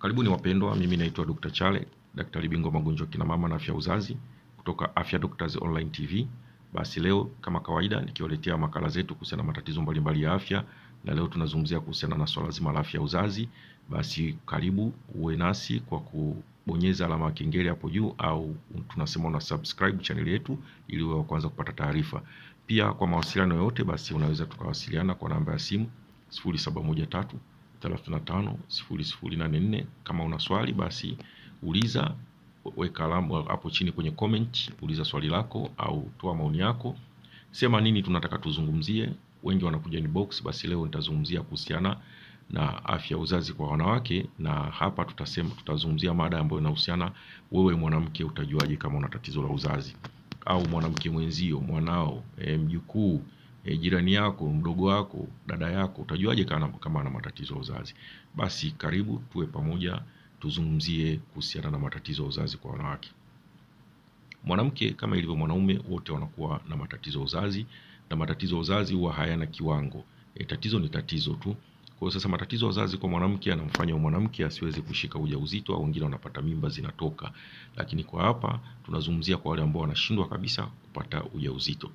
Karibuni wapendwa, mimi naitwa Dr. Chale, daktari bingwa magonjwa kina mama na afya uzazi kutoka Afya Doctors Online TV. Basi leo kama kawaida, nikiwaletea makala zetu kuhusiana na matatizo mbalimbali ya afya, na leo tunazungumzia kuhusiana na swala zima la afya uzazi. Basi karibu uwe nasi kwa kubonyeza alama ya kengele hapo juu, au tunasema una subscribe channel yetu ili uwe wa kwanza kupata taarifa. Pia kwa mawasiliano yote, basi unaweza tukawasiliana kwa namba ya simu 0713 35 Kama una swali basi uliza, weka alama hapo chini kwenye comment, uliza swali lako au toa maoni yako, sema nini tunataka tuzungumzie. Wengi wanakuja inbox, basi leo nitazungumzia kuhusiana na afya uzazi kwa wanawake, na hapa tutasema, tutazungumzia mada ambayo inahusiana, wewe mwanamke utajuaje kama una tatizo la uzazi, au mwanamke mwenzio, mwanao, eh, mjukuu e, jirani yako, mdogo wako, dada yako, utajuaje kama, kama ana matatizo ya uzazi? Basi karibu tuwe pamoja, tuzungumzie kuhusiana na matatizo ya uzazi kwa wanawake. Mwanamke kama ilivyo mwanaume, wote wanakuwa na matatizo ya uzazi, na matatizo ya uzazi huwa hayana kiwango. E, tatizo ni tatizo tu. Kwa sasa matatizo ya uzazi kwa mwanamke anamfanya mwanamke asiweze kushika ujauzito au wengine wanapata mimba zinatoka, lakini kwa hapa tunazungumzia kwa wale ambao wanashindwa kabisa kupata ujauzito.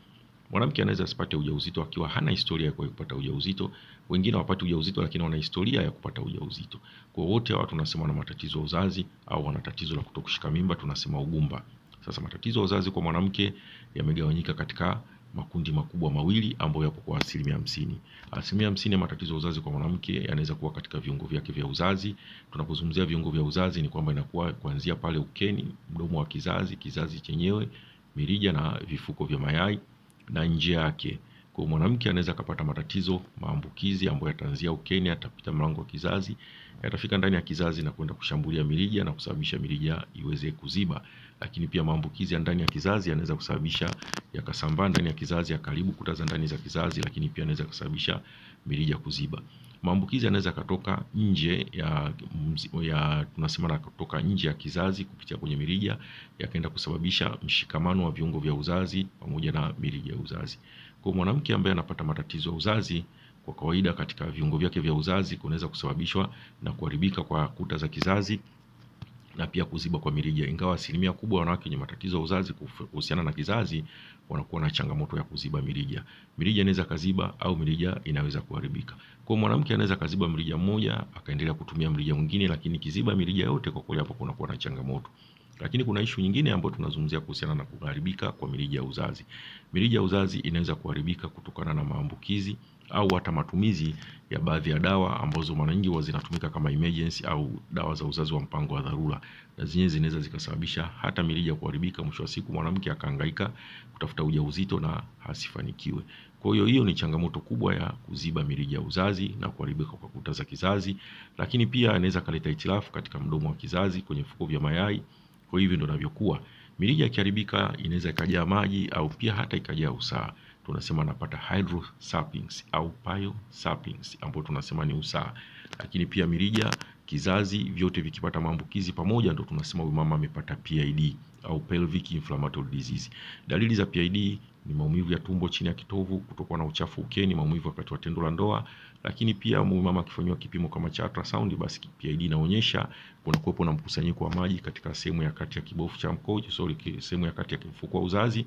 Mwanamke anaweza asipate ujauzito akiwa hana historia ya kupata ujauzito, wengine wapate ujauzito lakini wana historia ya kupata ujauzito. Kwa wote hawa tunasema wana matatizo ya uzazi au wana tatizo la kutokushika mimba, tunasema ugumba. Sasa matatizo ya uzazi kwa mwanamke yamegawanyika katika makundi makubwa mawili ambayo yapo kwa asilimia hamsini. Asilimia hamsini ya matatizo ya uzazi kwa mwanamke yanaweza kuwa katika viungo vyake vya uzazi. Tunapozungumzia viungo vya uzazi, ni kwamba inakuwa kuanzia pale ukeni, mdomo wa kizazi, kizazi chenyewe, mirija na vifuko vya mayai na njia yake. Kwa mwanamke anaweza akapata matatizo maambukizi ambayo yataanzia ukeni, atapita mlango wa kizazi, yatafika ndani ya kizazi na kwenda kushambulia mirija na kusababisha mirija iweze kuziba. Lakini pia maambukizi ya ndani ya kizazi yanaweza kusababisha yakasambaa ndani ya kizazi yakaribu kuta za ndani za kizazi, lakini pia anaweza kusababisha mirija kuziba. Maambukizi yanaweza katoka nje ya, ya tunasema kutoka nje ya kizazi kupitia kwenye mirija yakaenda kusababisha mshikamano wa viungo vya uzazi pamoja na mirija ya uzazi. Kwa mwanamke ambaye anapata matatizo ya uzazi kwa kawaida katika viungo vyake vya uzazi kunaweza kusababishwa na kuharibika kwa kuta za kizazi na pia kuziba kwa mirija, ingawa asilimia kubwa wanawake wenye matatizo ya uzazi kuhusiana na kizazi wanakuwa na changamoto ya kuziba mirija. Mirija inaweza kaziba au mirija inaweza kuharibika. Kwa mwanamke anaweza kaziba mrija mmoja akaendelea kutumia mrija mwingine, lakini kiziba mirija yote kwa kweli hapo kunakuwa na changamoto. Lakini kuna ishu nyingine ambayo tunazungumzia kuhusiana na kuharibika kwa mirija ya uzazi. Mirija ya uzazi inaweza kuharibika kutokana na maambukizi au hata matumizi ya baadhi ya dawa ambazo mara nyingi zinatumika kama emergency au dawa za uzazi wa mpango wa dharura, na zenyewe zinaweza zikasababisha hata mirija kuharibika, mwisho wa siku mwanamke akahangaika kutafuta ujauzito na hasifanikiwe. Kwa hiyo hiyo ni changamoto kubwa ya kuziba mirija ya uzazi na kuharibika kwa kuta za kizazi, lakini pia inaweza kaleta itilafu katika mdomo wa kizazi, kwenye fuko vya mayai kwa hivyo ndo inavyokuwa. Mirija ikiharibika inaweza ikajaa maji au pia hata ikajaa usaa Tunasema anapata sappings au sappings ambayo tunasema ni usaa Lakini pia mirija, kizazi vyote vikipata maambukizi pamoja ndo tunasema huyu mama amepata PID au pelvic inflammatory disease. Dalili za PID ni maumivu ya tumbo chini ya kitovu, kutokwa na uchafu ukeni, maumivu wakati wa tendo la ndoa, lakini pia mama akifanyiwa kipimo kama cha ultrasound, basi PID inaonyesha kuna kuwepo na mkusanyiko wa maji katika sehemu ya kati ya kibofu cha mkojo, sorry, sehemu ya kati ya mfuko wa uzazi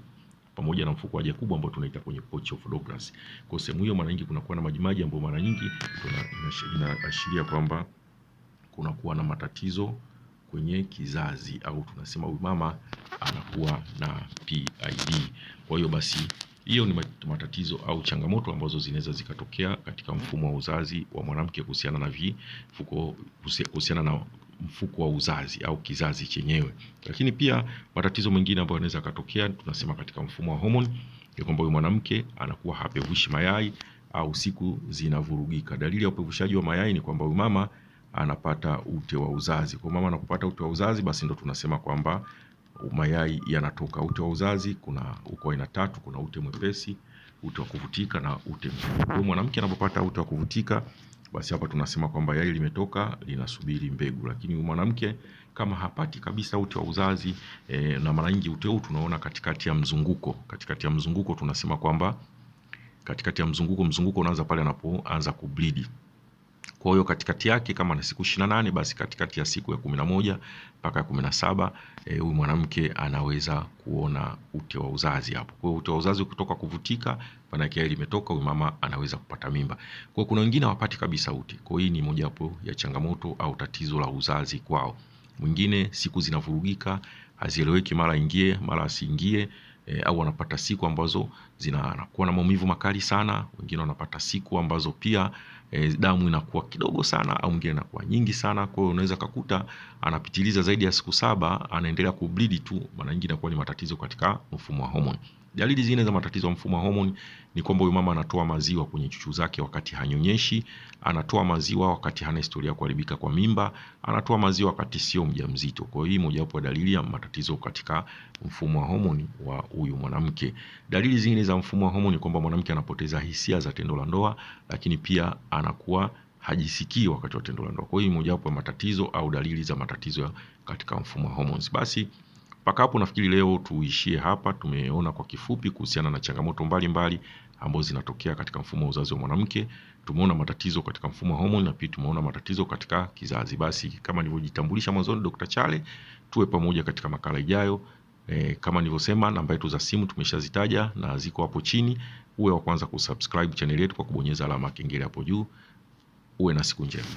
pamoja na mfuko wa haja kubwa ambao tunaita kwenye pouch of Douglas. Kwa sehemu hiyo mara nyingi kunakuwa na majimaji ambayo mara nyingi inaashiria kwamba kunakuwa na matatizo kwenye kizazi au tunasema huyu mama anakuwa na PID. Kwa hiyo basi hiyo ni matatizo au changamoto ambazo zinaweza zikatokea katika mfumo wa uzazi wa mwanamke kuhusiana na vifuko kuhusiana na mfuko wa uzazi au kizazi chenyewe. Lakini pia matatizo mengine ambayo yanaweza katokea tunasema katika mfumo wa homoni ni kwamba huyu mwanamke anakuwa hapevushi mayai au siku zinavurugika. Dalili ya upevushaji wa mayai ni kwamba huyu mama anapata ute wa uzazi. Kwa mama anapopata ute wa uzazi, basi ndo tunasema kwamba mayai yanatoka. Ute wa uzazi kuna uko aina tatu, kuna ute mwepesi, ute wa kuvutika na ute mgumu. mwanamke anapopata ute wa kuvutika, basi hapa tunasema kwamba yai limetoka linasubiri mbegu, lakini mwanamke kama hapati kabisa ute wa uzazi e, na mara nyingi ute huu tunaona katikati ya mzunguko. Katikati ya mzunguko tunasema kwamba katikati ya mzunguko, mzunguko unaanza pale anapoanza kublidi. Kwa hiyo katikati yake kama na siku 28 basi katikati ya siku ya 11 mpaka ya 17 eh, huyu e, mwanamke anaweza kuona ute wa uzazi hapo. Kwa hiyo ute wa uzazi kutoka kuvutika, maana yake limetoka, huyu mama anaweza kupata mimba. Kwa hiyo kuna wengine hawapati kabisa ute. Kwa hiyo hii ni mojawapo ya changamoto au tatizo la uzazi kwao. Mwingine siku zinavurugika, hazieleweki, mara ingie mara asiingie. E, au wanapata siku ambazo zinakuwa na maumivu makali sana. Wengine wanapata siku ambazo pia e, damu inakuwa kidogo sana au mwingine inakuwa nyingi sana. Kwa hiyo unaweza kakuta anapitiliza zaidi ya siku saba, anaendelea kubleed tu, mara nyingi inakuwa ni matatizo katika mfumo wa homoni. Dalili zingine za matatizo mfumo wa homoni ni kwamba huyu mama anatoa maziwa kwenye chuchu zake wakati hanyonyeshi, anatoa maziwa wakati hana historia ya kuharibika kwa mimba, anatoa maziwa wakati sio mjamzito. Kwa hiyo hii mojawapo ya dalili ya matatizo katika mfumo wa homoni wa huyu mwanamke. Dalili zingine za mfumo wa homoni ni kwamba mwanamke anapoteza hisia za tendo la ndoa, lakini pia anakuwa hajisikii wakati wa tendo la ndoa. Kwa hiyo mojawapo ya matatizo au dalili za matatizo katika mfumo wa homoni. Basi mpaka hapo nafikiri leo tuishie hapa. Tumeona kwa kifupi kuhusiana na changamoto mbalimbali ambazo zinatokea katika mfumo wa uzazi wa mwanamke. Tumeona matatizo katika mfumo wa homoni na pia tumeona matatizo katika kizazi. Basi kama nilivyojitambulisha mwanzoni, Dr. Chale, tuwe pamoja katika makala ijayo. E, kama nilivyosema namba yetu za simu tumeshazitaja na ziko hapo chini. Uwe wa kwanza kusubscribe channel yetu kwa kubonyeza alama ya kengele hapo juu. Uwe na siku njema.